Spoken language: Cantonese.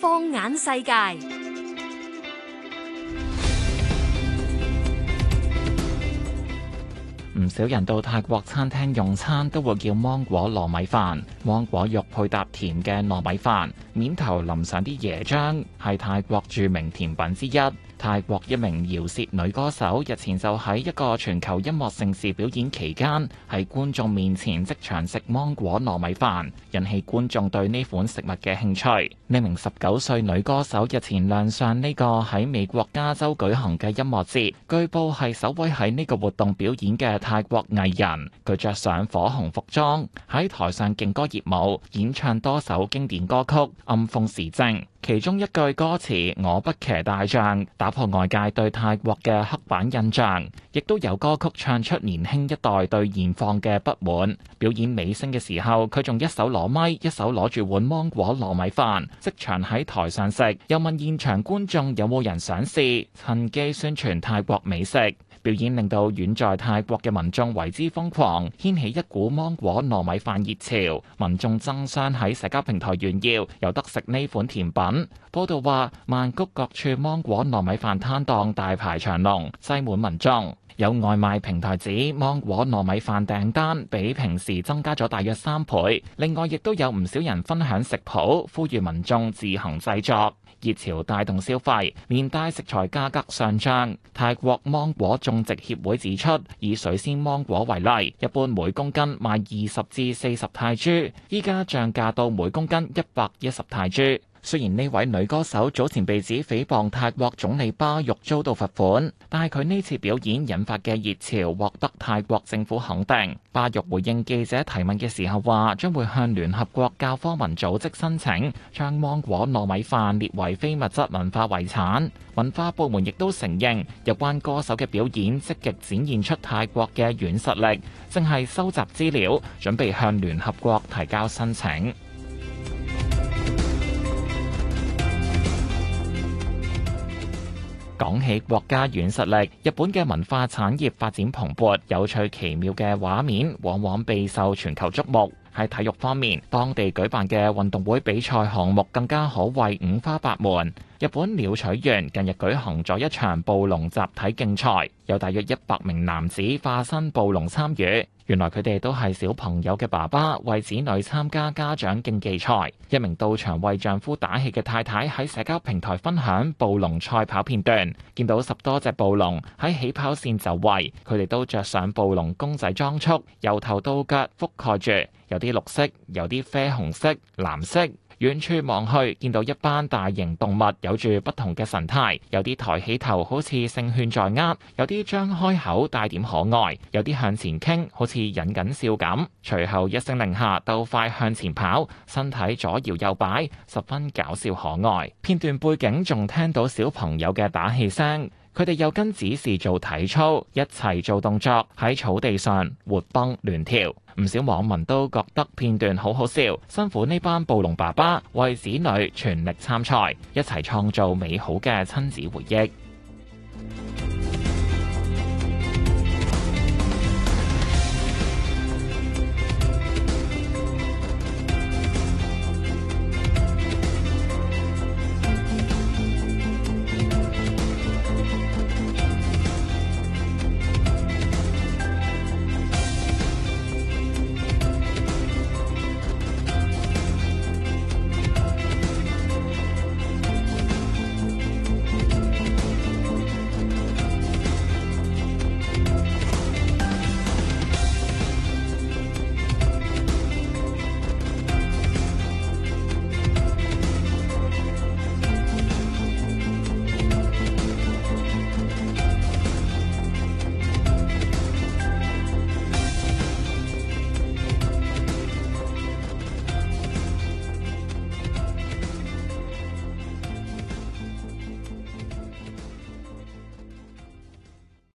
放眼世界。少人到泰國餐廳用餐都會叫芒果糯米飯，芒果肉配搭甜嘅糯米飯，面頭淋上啲椰漿，係泰國著名甜品之一。泰國一名饒舌女歌手日前就喺一個全球音樂盛事表演期間，喺觀眾面前即場食芒果糯米飯，引起觀眾對呢款食物嘅興趣。呢名十九歲女歌手日前亮相呢個喺美國加州舉行嘅音樂節，據報係首位喺呢個活動表演嘅泰國藝人，佢着上火紅服裝喺台上勁歌熱舞，演唱多首經典歌曲，暗諷時政。其中一句歌詞「我不騎大象」打破外界對泰國嘅刻板印象，亦都有歌曲唱出年輕一代對現況嘅不滿。表演尾聲嘅時候，佢仲一手攞咪，一手攞住碗芒果糯米飯，即場喺台上食，又問現場觀眾有冇人想試，趁機宣傳泰國美食。表演令到遠在泰國嘅民眾為之瘋狂，掀起一股芒果糯米飯熱潮。民眾爭相喺社交平台炫耀有得食呢款甜品。報道話，曼谷各處芒果糯米飯攤檔大排長龍，擠滿民眾。有外賣平台指芒果糯米飯訂單比平時增加咗大約三倍，另外亦都有唔少人分享食譜，呼籲民眾自行製作。熱潮帶動消費，連帶食材價格上漲，泰國芒果種植協會指出，以水仙芒果為例，一般每公斤賣二十至四十泰銖，依家漲價到每公斤一百一十泰銖。雖然呢位女歌手早前被指誹謗泰國總理巴育遭到罰款，但係佢呢次表演引發嘅熱潮獲得泰國政府肯定。巴育回應記者提問嘅時候話，將會向聯合國教科文組織申請，將芒果糯米飯列為非物質文化遺產。文化部門亦都承認有關歌手嘅表演積極展現出泰國嘅軟實力，正係收集資料，準備向聯合國提交申請。講起國家軟實力，日本嘅文化產業發展蓬勃，有趣奇妙嘅畫面往往備受全球矚目。喺體育方面，當地舉辦嘅運動會比賽項目更加可謂五花八門。日本鳥取縣近日舉行咗一場暴龍集體競賽，有大約一百名男子化身暴龍參與。原來佢哋都係小朋友嘅爸爸，為子女參加家長競技賽。一名到場為丈夫打氣嘅太太喺社交平台分享暴龍賽跑片段，見到十多隻暴龍喺起跑線就位，佢哋都着上暴龍公仔裝束，由頭到腳覆蓋住。有啲綠色，有啲啡紅色、藍色。遠處望去，見到一班大型動物有住不同嘅神態，有啲抬起頭好似勝券在握，有啲張開口帶點可愛，有啲向前傾好似忍緊笑咁。隨後一聲令下，鬥快向前跑，身體左搖右擺，十分搞笑可愛。片段背景仲聽到小朋友嘅打氣聲。佢哋又跟指示做體操，一齊做動作，喺草地上活蹦亂跳。唔少網民都覺得片段好好笑，辛苦呢班暴龍爸爸為子女全力參賽，一齊創造美好嘅親子回憶。